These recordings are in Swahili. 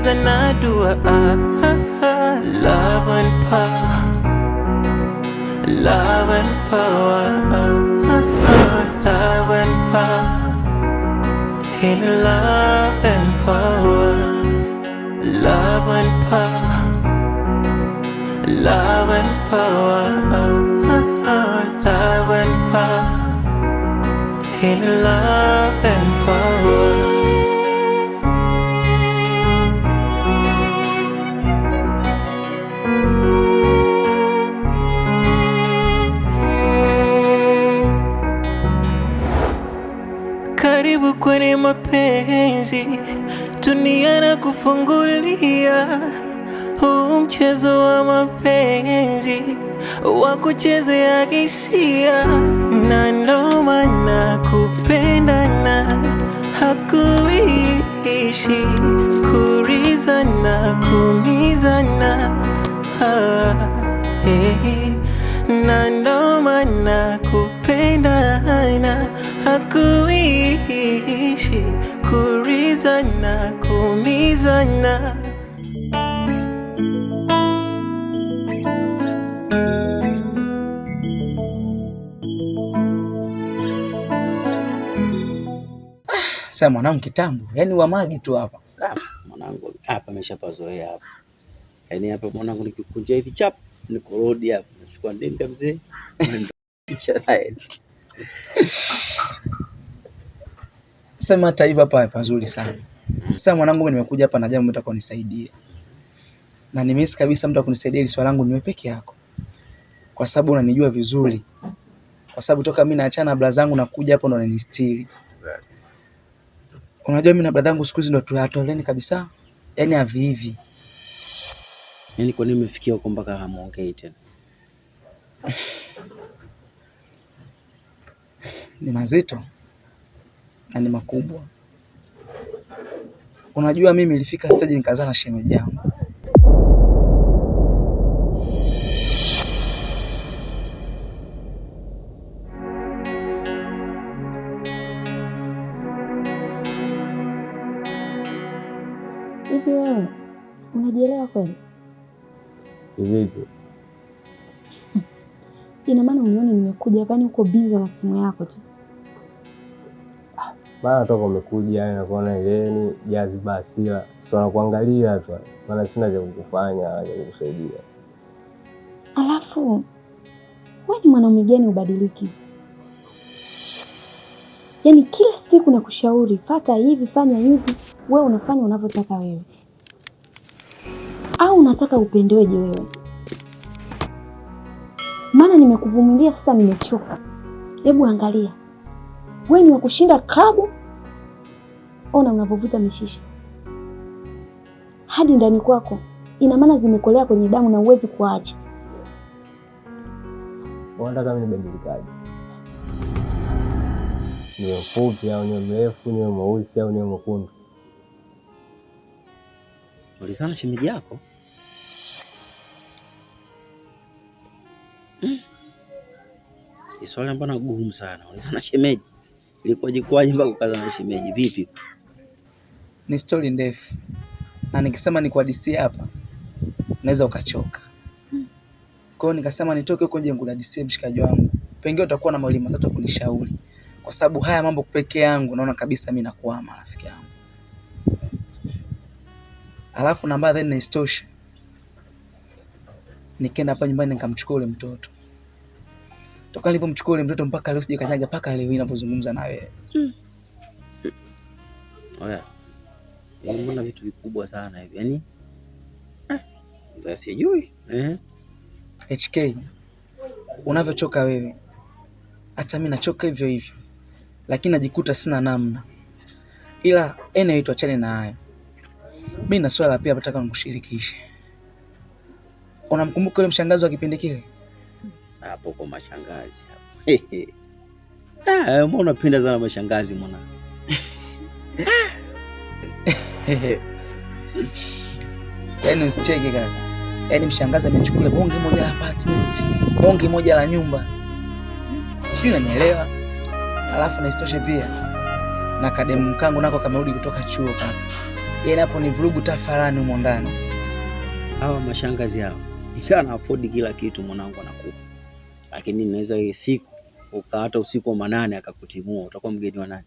maliza na dua love and power, love and power, love and power, in love and power, love and power, love and power, love and power, in love and power. ni mapenzi, dunia na kufungulia huu mchezo wa mapenzi wa kuchezea hisia, na ndo maana kupendana hakuishi kurizana, kumizana kumiza ah, na eh, eh. na ndo maana kupendana kuachana hakuishi, kurizana kumizana Sasa mwanangu, kitambo yani wamagi tu hapa ah, mwanangu, hapa ameshapazoea hapa, yani hapa mwanangu, nikikunja hivi chap nikorodi hapa, nachukua ndembe mzee Sema hata hivi hapa pazuri sana. Sasa mwanangu, mimi nimekuja hapa na jambo nataka unisaidie. Na nimesi kabisa mtu akunisaidia ili swala langu niwe peke yako. Kwa sababu unanijua vizuri. Kwa sababu toka mimi naachana na zangu na kuja hapa ndo unanistiri. Unajua mimi na bradha zangu siku hizi ndo tuatoleni kabisa. Yaani havi hivi. Yaani kwa nini umefikia huko mpaka hamuongei tena? ni mazito na ni makubwa. Unajua, mimi nilifika stage nikazaa na shemeji yangu. Hivi wewe unajielewa kweli? Ati ina maana unione nimekuja hapa, yaani uko biza na simu yako tu maana toka umekuja yani nakuona yeni jaziba asila kuangalia tu, maana sina cha kukufanya wala cha kukusaidia. Alafu wewe ni mwanaume gani ubadiliki? Yaani kila siku nakushauri fata hivi, fanya hivi, wewe unafanya unavyotaka wewe, au unataka upendeweje wewe? maana nimekuvumilia sasa, nimechoka. Hebu angalia wewe, ni wakushinda klabu, ona unapovuta mishisha hadi ndani kwako, ina maana zimekolea kwenye damu na uwezi kuacha. Unataka mimi nibadilikaje? Niwe mfupi au niwe mrefu, niwe mweusi au niwe mwekundu? Ulizana shemeji yako? swali ambalo gumu sana. Ulizana shemeji, ilikuwa jikwaje mpaka na shemeji? Vipi? Ni stori ndefu, na nikisema DC hapa naweza ukachoka. Kwa hiyo nikasema nitoke huko nje DC mshikaji wangu, pengine utakuwa na mawili matatu ya kunishauri, kwa sababu haya mambo peke yangu naona kabisa mimi nakwama, rafiki yangu. Alafu namba then, isitoshe nikaenda hapa nyumbani nikamchukua ule mtoto toka nilipomchukua ule mtoto mpaka leo sijakanyaga mpaka leo ninavyozungumza na wewe. Mm. Oya. Yaani mbona vitu vikubwa sana hivi? Yaani eh, sijui. Eh. HK unavyochoka wewe hata mimi nachoka hivyo hivyo, lakini najikuta sina namna, ila ene eh, itu achane na hayo. Mimi na swala pia nataka nikushirikishe. Unamkumbuka yule mshangazi wa kipindi kile? hapo kwa mashangazi hapo. Ah, mbona unapenda sana mashangazi mwana? Yaani usicheke kaka, yaani mshangazi amechukua bonge moja la apartment, bonge moja la nyumba, sijui unanielewa? Alafu na isitoshe pia na kademu kangu nako kamerudi kutoka chuo kaka, yaani hapo ni vurugu tafarani humo ndani. Hawa mashangazi hao ikawa na afford kila kitu mwanangu anakupa lakini inaweza siku ukaata usiku wa manane akakutimua, utakuwa mgeni wa nani?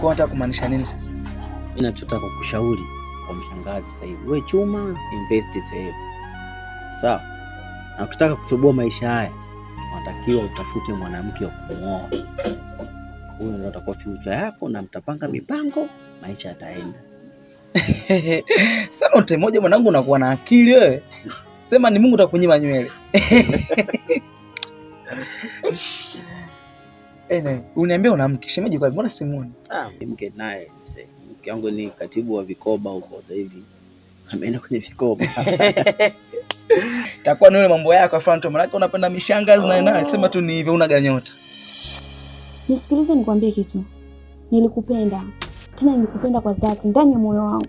Kwa nataka kumaanisha nini sasa? Mimi nachotaka kukushauri kwa mshangazi sasa hivi, wewe chuma invest sasa hivi, sawa? Na ukitaka kutoboa maisha haya, unatakiwa utafute mwanamke wa kumwoa. Huyo ndio atakuwa future yako, na mtapanga mipango, maisha yataenda. Sema ute moja mwanangu, unakuwa na akili wewe. Sema ni Mungu takunyima nywele. Ene, uniambia una mke shemeji kwa mbona simuoni? Ah, mke naye Mke wangu ni katibu wa vikoba huko sasa hivi. Ameenda kwenye vikoba. Takuwa ni yule mambo yako afanto, maana unapenda mishangazi na Oh, sema tu ni hivyo unaganyota. Nisikilize nikwambie kitu. Nilikupenda lakini nikupenda kwa dhati ndani ya moyo wangu,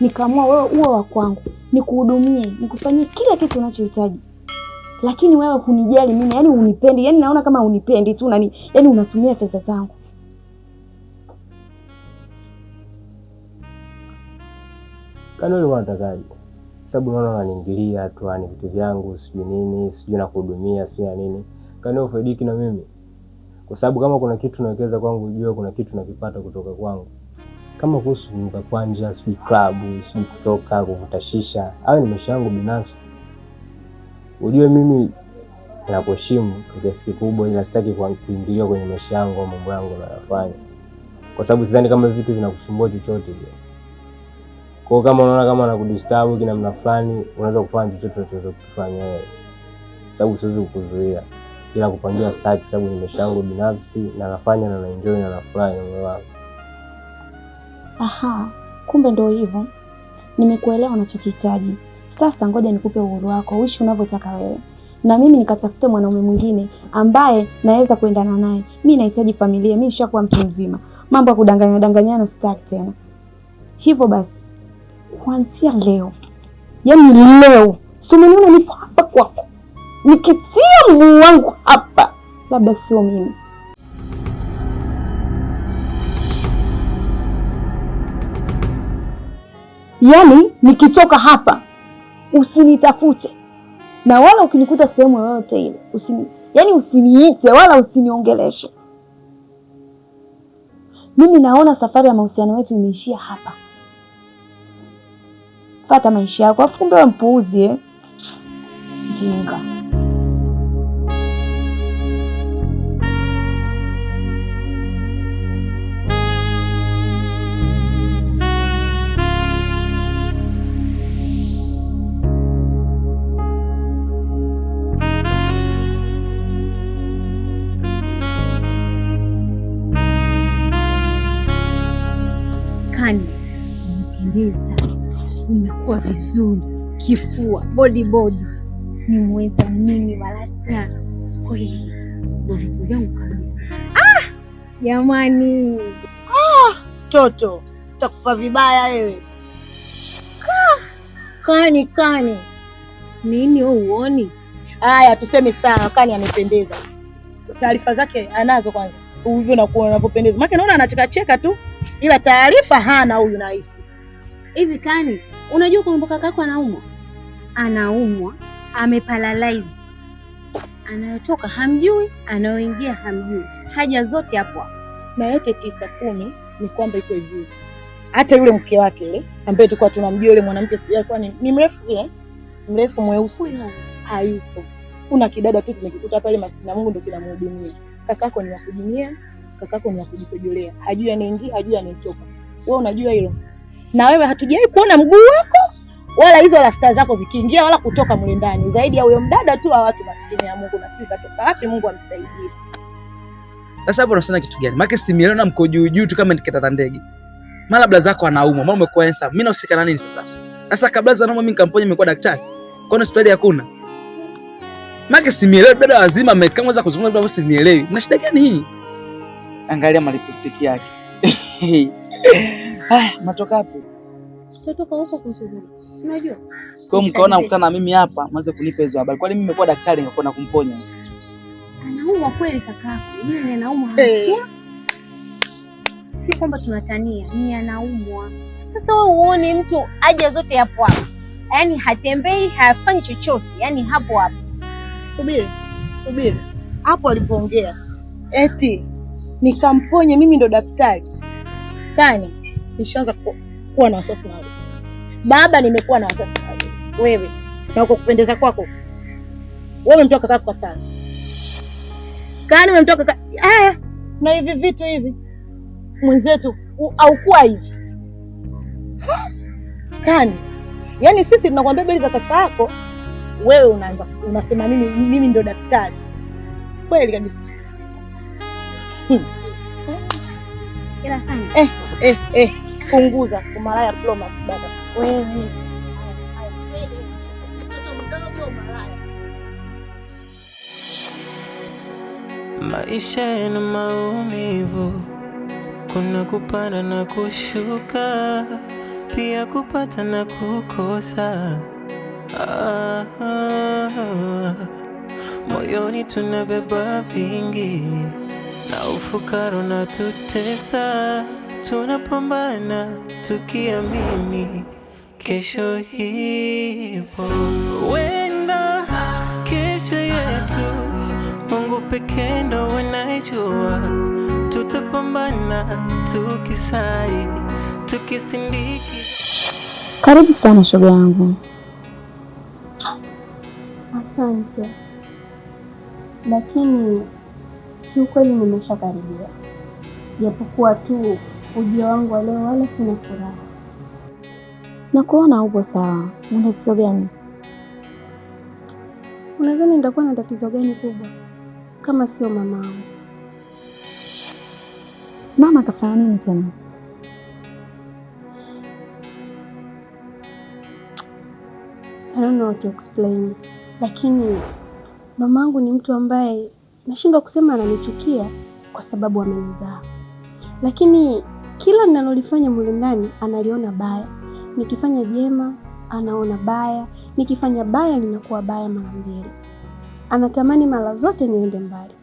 nikaamua wewe uwe wa kwangu, nikuhudumie, nikufanyie kila kitu unachohitaji. Lakini wewe hunijali mimi, yani unipendi, yani naona kama unipendi tu nani, yani unatumia pesa zangu. Kwani ulikuwa unatakaje? Sababu unaona unaniingilia tu, ani vitu vyangu sijui nini, sijui nakuhudumia, sijui na nini. Kwani ufaidiki na mimi? Kwa sababu kama kuna kitu nawekeza kwangu, ujue kuna kitu nakipata kutoka kwangu kama kuhusu kuvuka kwanja, sijui klabu, sijui kutoka kuvuta shisha, hayo ni maisha yangu binafsi. Ujue mimi nakuheshimu kwa kiasi kikubwa, ila sitaki kuingilia kwenye maisha yangu au mambo yangu nayofanya, kwa sababu sidhani kama vitu vinakusumbua chochote. Kwa kama unaona kama nakudisturb kinamna fulani, unaweza kufanya chochote unachoweza kufanya wewe, sababu siwezi kukuzuia, ila kupangia sitaki, sababu ni maisha yangu binafsi na nafanya na naenjoy na nafurahi na moyo wangu. Aha, kumbe ndio hivyo. Nimekuelewa unachokihitaji. Sasa ngoja nikupe uhuru wako, uishi unavyotaka wewe, na mimi nikatafute mwanaume mwingine ambaye naweza kuendana naye. Mi nahitaji familia, mi nishakuwa mtu mzima, mambo ya kudanganya danganyana sitaki tena. Hivyo basi, kuanzia leo, yaani leo, si umeniona nipo hapa kwako, nikitia mguu wangu hapa, labda sio mimi Yaani nikitoka hapa usinitafute na wala ukinikuta sehemu yoyote ile usini, yaani usiniite wala usiniongeleshe. Mimi naona safari ya mahusiano yetu imeishia hapa. Fata maisha yako, afu kumbe mpuuzi eh? Jinga. vizuri, kifua, body body, ni mweza mimi wala star kweli, vitu vyangu kabisa. Ah, jamani ah! toto ah, takufa vibaya wewe. Kani kani nini wewe uoni? Haya, tuseme sawa, kani amependeza, taarifa zake anazo kwanza hivyo na kuona anavyopendeza, maana naona anachekacheka tu, ila taarifa hana huyu. Nahisi hivi kani Unajua kwamba kakako anaumwa, anaumwa ameparalyze, anayotoka hamjui, anayoingia hamjui, haja zote hapo. Na yote tisa kumi ni kwamba iko juu. hata yule mke wake ile ambaye tulikuwa tunamjua yule mwanamke, sijui alikuwa ni mrefu vile, mrefu mweusi, hayupo. Kuna kidada tu tumekikuta pale, maskini na Mungu ndio kinamhudumia. Kakako ni kujinia, kakako ni wakujikojolea, hajui anaingia, hajui anatoka. Wewe unajua hilo? na wewe hatujai kuona mguu wako wala hizo rasta zako zikiingia wala kutoka mle ndani, zaidi ya huyo mdada tu wa watu maskini ya Mungu. Na sijui katoka wapi, Mungu amsaidie. Sasa hapo unasema kitu gani? Maana simiona mko juu juu tu kama nikikata ndege. Mara blaza zako anauma, mama umekuwa ensa. Mimi nahusika na nini sasa? Sasa kabla za naomba mimi nikamponya nimekuwa daktari. Kwa nini hospitali hakuna? Maana simielewi bado lazima amekaa mwanza kuzungumza bila simielewi. Mna shida gani hii? Angalia malipostiki yake. Haya, matoka hapo. Tutoka huko kuzuru. Si unajua? Kwa hiyo mkaona kukutana na mimi hapa, mwanze kunipa hizo habari. Kwani mimi nimekuwa daktari ningekuwa na kumponya. Anauma kweli kakako. Mimi ninauma haswa. Eh. Si kwamba tunatania, ni anaumwa. Sasa wewe uone mtu aja zote hapo hapo. Yaani hatembei, hafanyi chochote. Yaani hapo hapo. Subiri. Subiri. Hapo alipoongea. Eti nikamponye mimi ndo daktari. Kani? nishaanza kuwa na wasiwasi na wewe baba, nimekuwa na wasiwasi na wewe wewe na uko kupendeza kwako wewe, umemtoa kaka kwa sana kani, umemtoa kaka haya eh, na hivi vitu hivi, mwenzetu aukuwa hivi kani. yaani sisi tunakwambia beli za kaka yako, wewe unaanza unasema mimi mimi ndio daktari kweli kabisa. Hmm. Eh, eh, eh punguza umalaya Plomax baba wewe. Maisha yana maumivu, kuna kupanda na kushuka, pia kupata na kukosa. Ah, ah, moyoni tunabeba vingi na ufukara na tutesa tunapambana tukiamini kesho hivo wenda kesho yetu Mungu pekee ndo anajua. Tutapambana tukisali, tukisindiki. Karibu sana shoga yangu. Asante, lakini kiukweli nimeshakaribia, japokuwa tu ujio wangu wa leo wala sina furaha. Nakuona upo sawa, una tatizo gani? Unadhani nitakuwa na tatizo gani kubwa kama sio mama wangu? Mama kafanya nini tena? I don't know how to explain, lakini mama ni mtu ambaye nashindwa kusema ananichukia kwa sababu amenizaa, lakini kila ninalolifanya mule ndani analiona baya, nikifanya jema anaona baya, nikifanya baya linakuwa baya mara mbili. Anatamani mara zote niende mbali,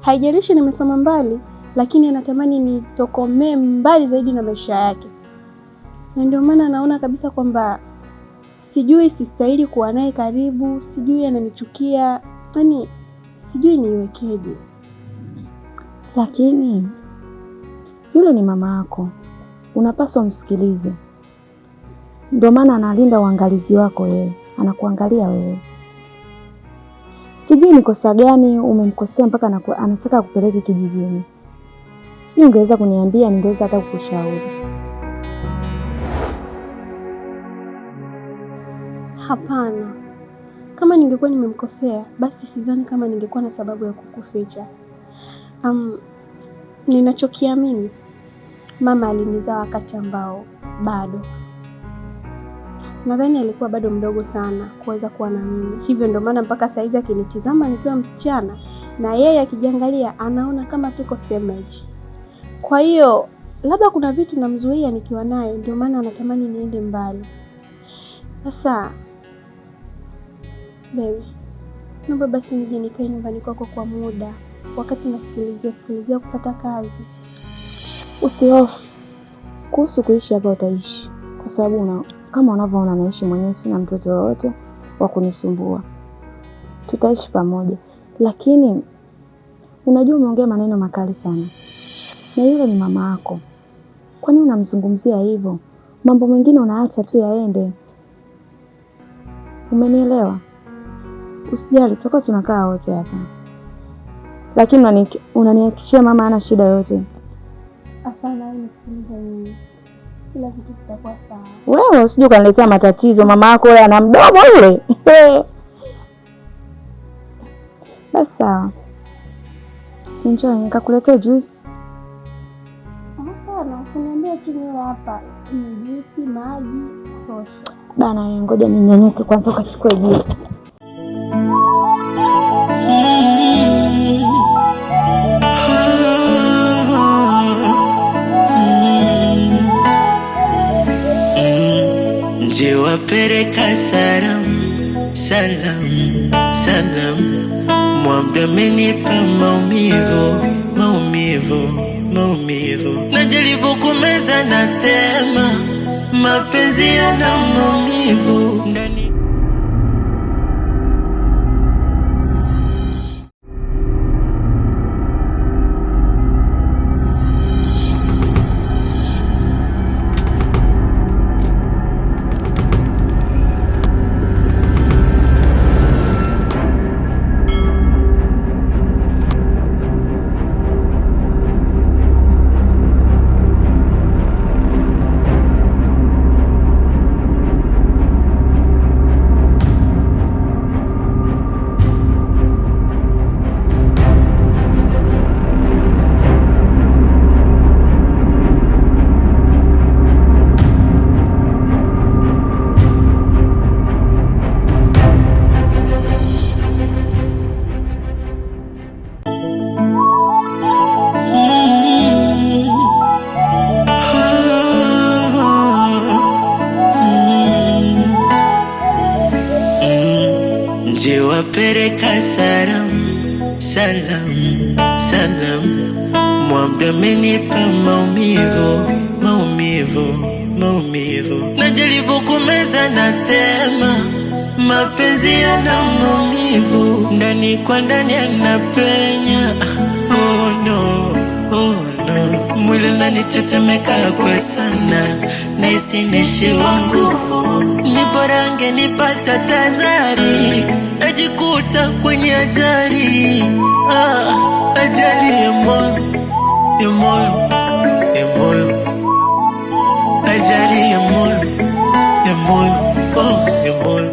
haijalishi nimesoma mbali, lakini anatamani nitokomee mbali zaidi na maisha yake, na ndio maana anaona kabisa kwamba sijui sistahili kuwa naye karibu, sijui ananichukia, yani sijui niwekeje, lakini yule ni mama yako, unapaswa umsikilize. Ndio maana analinda uangalizi wako wewe, anakuangalia wewe. Sijui ni kosa gani umemkosea mpaka anataka kupeleke kijijini. Sijui ungeweza kuniambia, ningeweza hata kukushauri. Hapana, kama ningekuwa nimemkosea, basi sidhani kama ningekuwa na sababu ya kukuficha. Um, ninachokiamini mama alinizaa wakati ambao bado nadhani alikuwa bado mdogo sana kuweza kuwa na mimi, hivyo ndio maana mpaka saizi akinitizama nikiwa msichana na yeye akijiangalia anaona kama tuko same age. Kwa hiyo labda kuna vitu namzuia nikiwa naye, ndio maana anatamani niende mbali. Sasa bebe, naomba basi nije nikae nyumbani kwako kwa muda, wakati nasikilizia sikilizia kupata kazi Usihofu kuhusu kuishi hapa, utaishi kwa sababu una, kama unavyoona naishi mwenyewe, sina mtoto wowote wa kunisumbua. Tutaishi pamoja, lakini unajua umeongea maneno makali sana, na yule ni mama yako. Kwani unamzungumzia hivyo? Mambo mengine unaacha tu yaende, umenielewa? Usijali, tutakuwa tunakaa wote hapa, lakini unanihakikishia mama ana shida yote. Wewe usije ukaniletea matatizo. Mama yako yule ana mdomo yule. Basi sawa, njoo nikakuletea juice. Bana, ngoja ninyanyuke kwanza ukachukue juice. wapeleka salamu, salamu, salamu. Mwanga menipa maumivu, maumivu, maumivu. Najaribu kumeza na tema mapenzi yana maumivu ndani maumivu, najaribu kumeza na tema, mapenzi yana maumivu, ndani kwa ndani yanapenya. Oh no, oh no, mwili unanitetemeka kwa sana, nahisi naishiwa nguvu, ni bora angenipata tazari, najikuta kwenye ajali, ah, ajali ya moyo, ya moyo mi amor.